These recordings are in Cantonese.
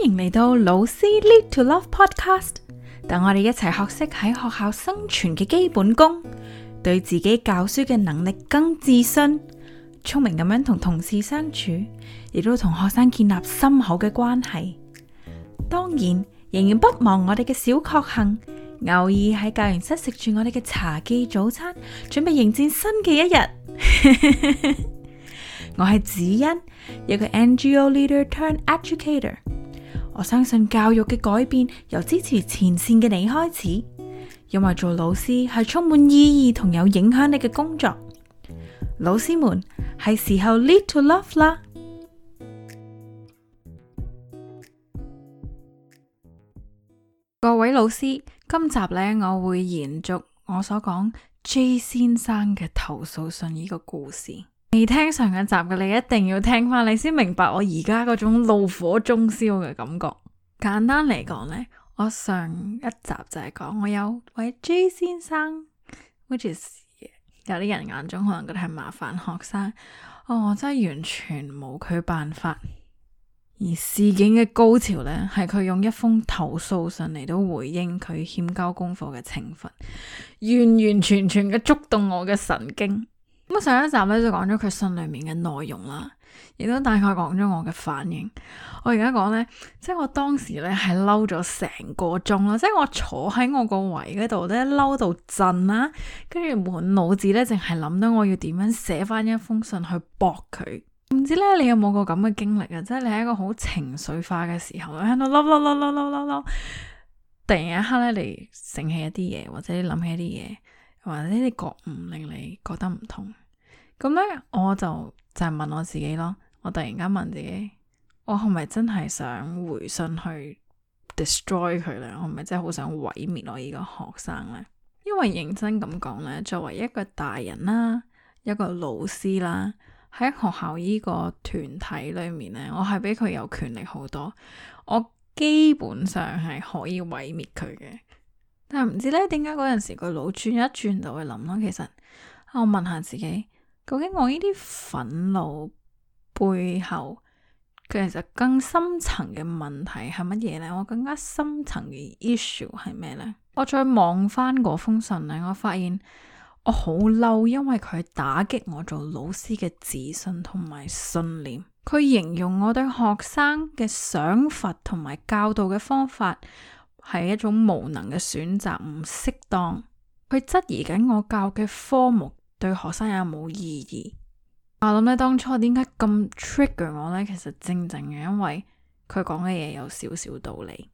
歡迎嚟到老師 Lead to Love Podcast，等我哋一齊學識喺學校生存嘅基本功，對自己教書嘅能力更自信，聰明咁樣同同事相處，亦都同學生建立深厚嘅關係。當然仍然不忘我哋嘅小確幸，偶爾喺教員室食住我哋嘅茶記早餐，準備迎戰新嘅一日。 我係子欣，一個 NGO Leader Turn Educator。Educ 我相信教育嘅改變由支持前線嘅你開始，因為做老師係充滿意義同有影響力嘅工作。老師們，係時候 lead to love 啦！各位老師，今集呢，我會延續我所講 J 先生嘅投訴信呢個故事。未聽上一集嘅，你一定要聽翻，你先明白我而家嗰種怒火中燒嘅感覺。 簡單嚟講呢我上一集就係講我有位 J 先生，which is you 有啲人眼中可能覺得係麻煩學生，哦、我真係完全冇佢辦法。而事件嘅高潮呢，係佢用一封投訴信嚟到回應佢欠交功課嘅懲罰，完完全全嘅觸動我嘅神經。咁上一集咧，就講咗佢信裏面嘅內容啦，亦都大概講咗我嘅反應。我而家講呢，即係我當時咧，係嬲咗成個鐘啦，即係我坐喺我個位嗰度咧，嬲到震啦，跟住滿腦子呢，淨係諗到我要點樣寫翻一封信去駁佢。唔知呢，你有冇過咁嘅經歷啊？即係你喺一個好情緒化嘅時候咧，喺度嬲嬲嬲嬲嬲嬲嬲，突然一刻呢，你醒起一啲嘢，或者諗起一啲嘢。或者呢啲覺悟令你覺得唔同，咁咧我就就問我自己咯，我突然間問自己，我係咪真係想回信去 destroy 佢咧？我係咪真係好想毀滅我呢個學生咧？因為認真咁講咧，作為一個大人啦，一個老師啦，喺學校依個團體裏面咧，我係比佢有權力好多，我基本上係可以毀滅佢嘅。但係唔知咧，點解嗰陣時個腦轉一轉就會諗咯？其實我問下自己，究竟我呢啲憤怒背後，其實更深層嘅問題係乜嘢呢？我更加深層嘅 issue 係咩呢？我再望翻嗰封信咧，我發現我好嬲，因為佢打擊我做老師嘅自信同埋信念。佢形容我對學生嘅想法同埋教導嘅方法。係一種無能嘅選擇，唔適當。佢質疑緊我教嘅科目對學生有冇意義。我諗咧，當初點解咁 trigger 我呢？其實正正嘅因為佢講嘅嘢有少少道理。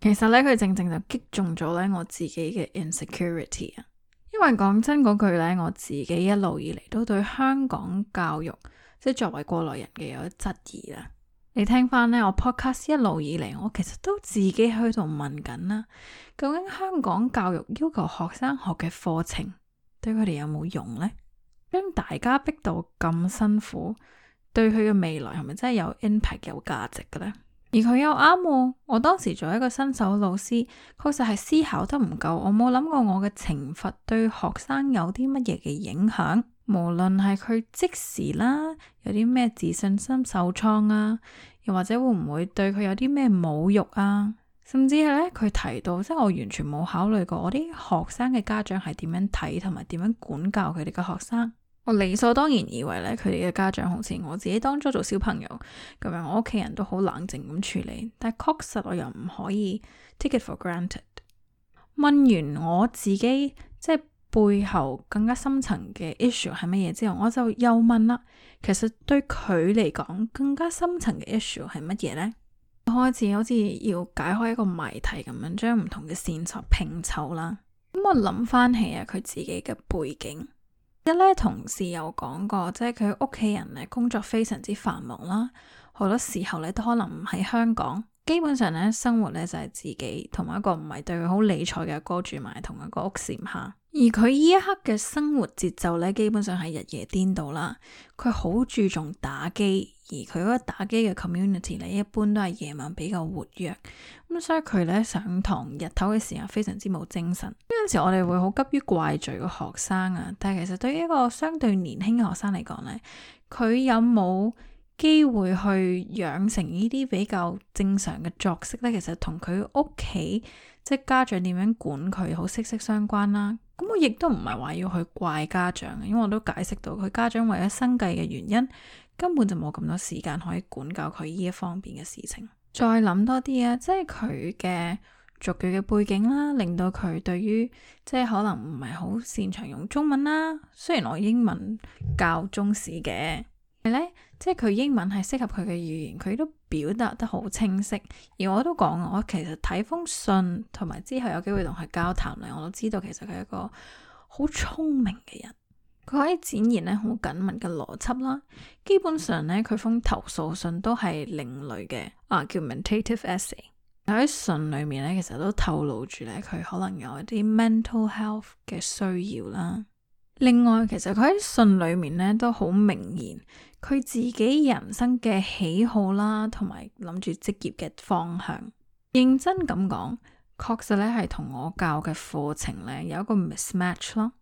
其實呢，佢正正就擊中咗呢我自己嘅 insecurity 啊。因為講真嗰句呢，我自己一路以嚟都對香港教育，即係作為過來人嘅有質疑啦。你聽翻呢，我 podcast 一路以嚟，我其實都自己喺度問緊啦。究竟香港教育要求學生學嘅課程，對佢哋有冇用呢？咁大家逼到咁辛苦，對佢嘅未來係咪真係有 impact，有價值嘅呢？而佢又啱喎。我當時做一個新手老師，確實係思考得唔夠，我冇諗過我嘅懲罰對學生有啲乜嘢嘅影響。無論係佢即時啦，有啲咩自信心受創啊，又或者會唔會對佢有啲咩侮辱啊，甚至係咧佢提到，即係我完全冇考慮過我啲學生嘅家長係點樣睇同埋點樣管教佢哋嘅學生。我理所當然以為咧，佢哋嘅家長好似我自己當初做小朋友咁樣，我屋企人都好冷靜咁處理。但確實我又唔可以 take it for granted。問完我自己，即係。背後更加深層嘅 issue 係乜嘢之後，我就又問啦。其實對佢嚟講更加深層嘅 issue 係乜嘢呢？開始好似要解開一個謎題咁樣，將唔同嘅線索拼湊啦。咁、嗯、我諗翻起啊，佢自己嘅背景，一咧同事有講過，即係佢屋企人咧工作非常之繁忙啦，好多時候咧都可能唔喺香港。基本上咧生活咧就係、是、自己同埋一個唔係對佢好理睬嘅哥哥住埋同一個屋檐下。而佢呢一刻嘅生活節奏呢，基本上係日夜顛倒啦。佢好注重打機，而佢嗰個打機嘅 community 呢，一般都係夜晚比較活躍。咁，嗯，所以佢呢上堂日頭嘅時間非常之冇精神。呢陣時我哋會好急於怪罪個學生啊，但係其實對於一個相對年輕嘅學生嚟講呢，佢有冇機會去養成呢啲比較正常嘅作息呢？其實同佢屋企即係家長點樣管佢，好息息相關啦。咁我亦都唔係話要去怪家長，因為我都解釋到佢家長為咗生計嘅原因，根本就冇咁多時間可以管教佢呢一方面嘅事情。再諗多啲啊，即係佢嘅俗語嘅背景啦，令到佢對於即係可能唔係好擅長用中文啦。雖然我英文教中史嘅。係咧，即係佢英文係適合佢嘅語言，佢都表達得好清晰。而我都講，我其實睇封信，同埋之後有機會同佢交談咧，我都知道其實佢係一個好聰明嘅人，佢可以展現咧好緊密嘅邏輯啦。基本上咧，佢封投訴信都係另類嘅啊，叫 argumentative essay。喺信裏面咧，其實都透露住咧，佢可能有一啲 mental health 嘅需要啦。另外，其實佢喺信裏面咧都好明言，佢自己人生嘅喜好啦，同埋諗住職業嘅方向。認真咁講，確實咧係同我教嘅課程咧有一個 mismatch 咯。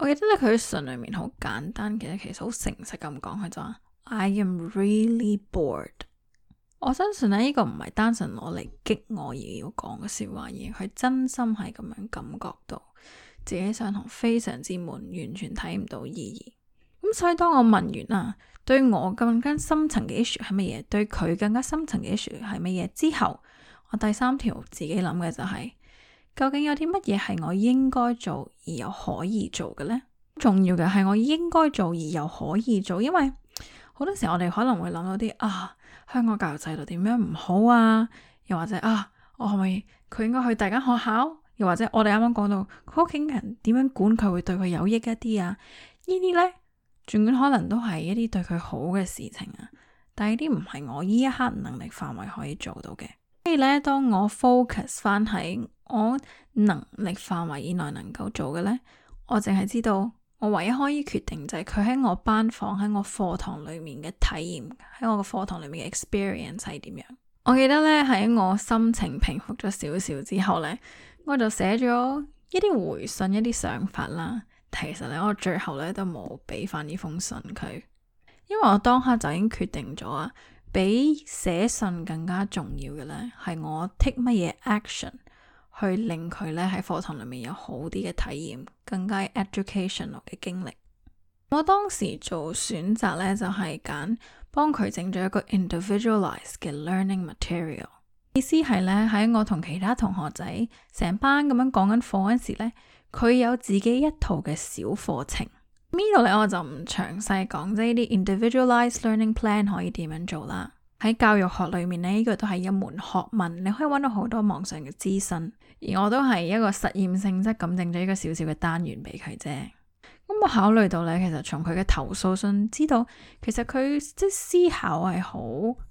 我記得咧佢喺信裏面好簡單，其實其實好誠實咁講，佢就話：I am really bored。我相信咧呢個唔係單純攞嚟激我而要講嘅笑話，而係真心係咁樣感覺到。自己上堂非常之悶，完全睇唔到意義。咁所以當我問完啦，對我更加深層嘅 issue 係乜嘢？對佢更加深層嘅 issue 係乜嘢？之後我第三條自己諗嘅就係，究竟有啲乜嘢係我應該做而又可以做嘅呢？重要嘅係我應該做而又可以做，因為好多時候我哋可能會諗到啲啊，香港教育制度點樣唔好啊，又或者啊，我係咪佢應該去第間學校？又或者，我哋啱啱講到，屋企人點樣管佢，會對佢有益一啲啊？呢啲呢，盡管可能都係一啲對佢好嘅事情啊，但係啲唔係我依一刻能力範圍可以做到嘅。所以咧，當我 focus 翻喺我能力範圍以內能夠做嘅呢，我淨係知道我唯一可以決定就係佢喺我班房喺我課堂裏面嘅體驗，喺我嘅課堂裏面嘅 experience 係點樣。我記得呢，喺我心情平復咗少少之後呢。我就寫咗一啲回信，一啲想法啦。其實咧，我最後咧都冇俾翻呢封信佢，因為我當刻就已經決定咗啊，比寫信更加重要嘅咧係我 take 乜嘢 action 去令佢咧喺課堂裏面有好啲嘅體驗，更加 educational 嘅經歷。我當時做選擇咧就係揀幫佢整咗一個 individualized 嘅 learning material。意思係咧，喺我同其他同學仔成班咁樣講緊課嗰時咧，佢有自己一套嘅小課程。呢度咧我就唔詳細講，即係啲 individualized learning plan 可以點樣做啦。喺教育學裏面呢，呢，呢個都係一門學問，你可以搵到好多網上嘅資訊。而我都係一個實驗性質咁定咗一個小小嘅單元俾佢啫。咁我考慮到咧，其實從佢嘅投訴信知道，其實佢即係思考係好。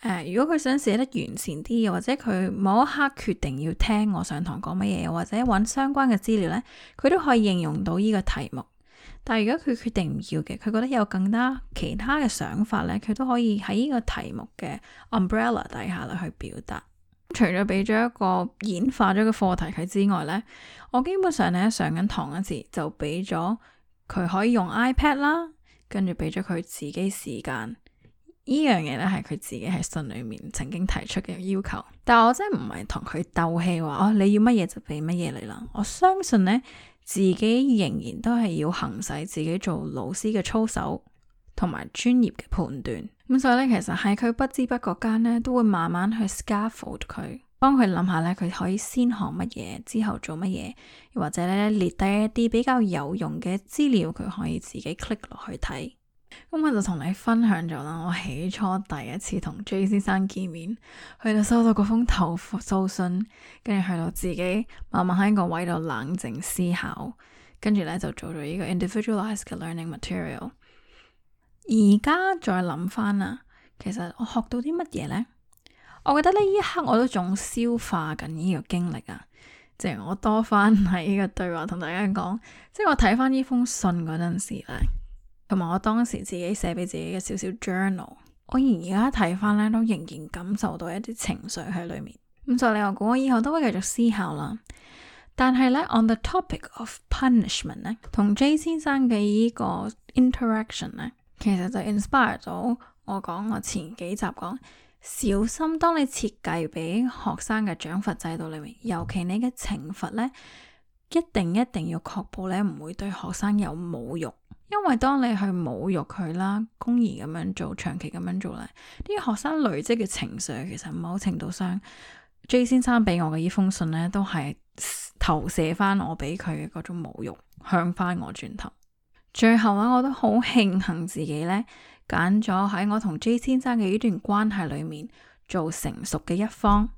誒，如果佢想寫得完善啲嘅，或者佢某一刻決定要聽我上堂講乜嘢，或者揾相關嘅資料呢，佢都可以應用到呢個題目。但係如果佢決定唔要嘅，佢覺得有更加其他嘅想法呢，佢都可以喺呢個題目嘅 umbrella 底下去表達。除咗俾咗一個演化咗個課題佢之外呢，我基本上咧上緊堂嗰時就俾咗佢可以用 iPad 啦，跟住俾咗佢自己時間。呢樣嘢咧，係佢自己喺信裏面曾經提出嘅要求，但我真係唔係同佢鬥氣話，哦，你要乜嘢就俾乜嘢你啦。我相信呢，自己仍然都係要行使自己做老師嘅操守同埋專業嘅判斷。咁、嗯、所以咧，其實係佢不知不覺間咧，都會慢慢去 scaffold 佢，幫佢諗下咧，佢可以先學乜嘢，之後做乜嘢，或者咧列低一啲比較有用嘅資料，佢可以自己 click 落去睇。咁我就同你分享咗啦，我起初第一次同 J 先生見面，去到收到嗰封投訴信，跟住去到自己慢慢喺一個位度冷靜思考，跟住咧就做咗呢個 individualized 嘅 learning material。而家再諗翻啦，其實我學到啲乜嘢呢？我覺得呢一刻我都仲消化緊呢個經歷啊！即係我多翻喺呢個對話同大家講，即係我睇翻呢封信嗰陣時咧。同埋我當時自己寫俾自己嘅少少 journal，我而家睇翻呢都仍然感受到一啲情緒喺裏面。咁就你話估我以後都會繼續思考啦。但係呢，on the topic of punishment 呢，同 J 先生嘅呢個 interaction 呢，其實就 inspire 咗我講我前幾集講小心，當你設計俾學生嘅獎罰制度裏面，尤其你嘅懲罰呢，一定一定要確保呢唔會對學生有侮辱。因為當你去侮辱佢啦，公然咁樣做，長期咁樣做咧，啲學生累積嘅情緒，其實某程度上，J 先生俾我嘅呢封信呢，都係投射翻我俾佢嘅嗰種侮辱，向翻我轉頭。最後咧，我都好慶幸自己呢，揀咗喺我同 J 先生嘅呢段關係裏面做成熟嘅一方，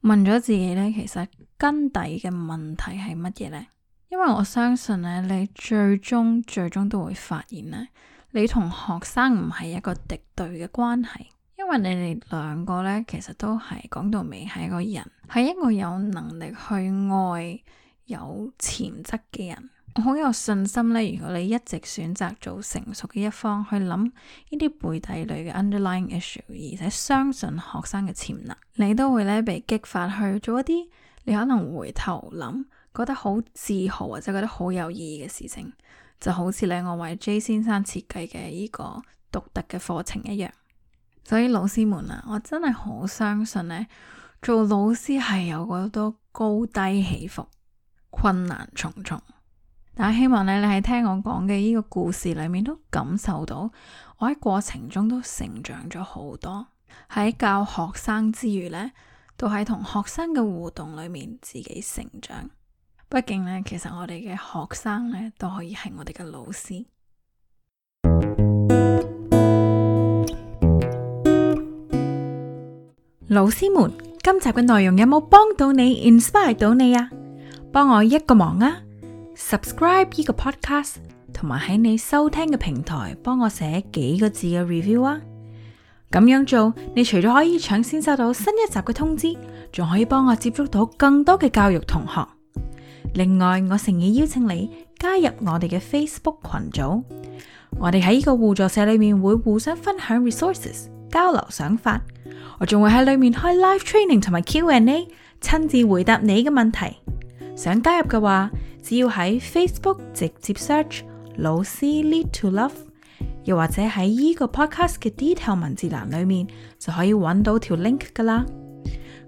問咗自己呢，其實根底嘅問題係乜嘢呢？因為我相信咧，你最終最終都會發現咧，你同學生唔係一個敵對嘅關係，因為你哋兩個咧，其實都係講到尾係一個人，係一個有能力去愛、有潛質嘅人。我好有信心咧，如果你一直選擇做成熟嘅一方去諗呢啲背地裏嘅 underlying issue，而且相信學生嘅潛能，你都會咧被激發去做一啲你可能回頭諗。覺得好自豪，或者覺得好有意義嘅事情，就好似你我為 J 先生設計嘅呢個獨特嘅課程一樣。所以，老師們啊，我真係好相信呢，做老師係有好多高低起伏、困難重重。但係希望你你喺聽我講嘅呢個故事裏面都感受到，我喺過程中都成長咗好多。喺教學生之餘呢，都喺同學生嘅互動裏面自己成長。畢竟呢，其實我哋嘅學生呢都可以係我哋嘅老師。老師們，今集嘅內容有冇幫到你，inspire 到你啊？幫我一個忙啊！subscribe 呢個 podcast，同埋喺你收聽嘅平台幫我寫幾個字嘅 review 啊！咁樣做，你除咗可以搶先收到新一集嘅通知，仲可以幫我接觸到更多嘅教育同學。另外，我誠意邀請你加入我哋嘅 Facebook 群組，我哋喺呢個互助社裏面會互相分享 resources，交流想法。我仲會喺裏面開 live training 同埋 Q&A，親自回答你嘅問題。想加入嘅話，只要喺 Facebook 直接 search 老師 lead to love，又或者喺呢個 podcast 嘅 detail 文字欄裏面就可以揾到條 link 㗎喇。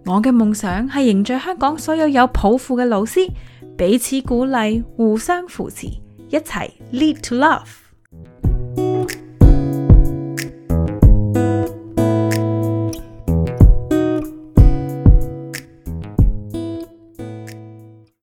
我嘅夢想係凝聚香港所有有抱負嘅老師。彼此鼓勵，互相扶持，一齊 lead to love。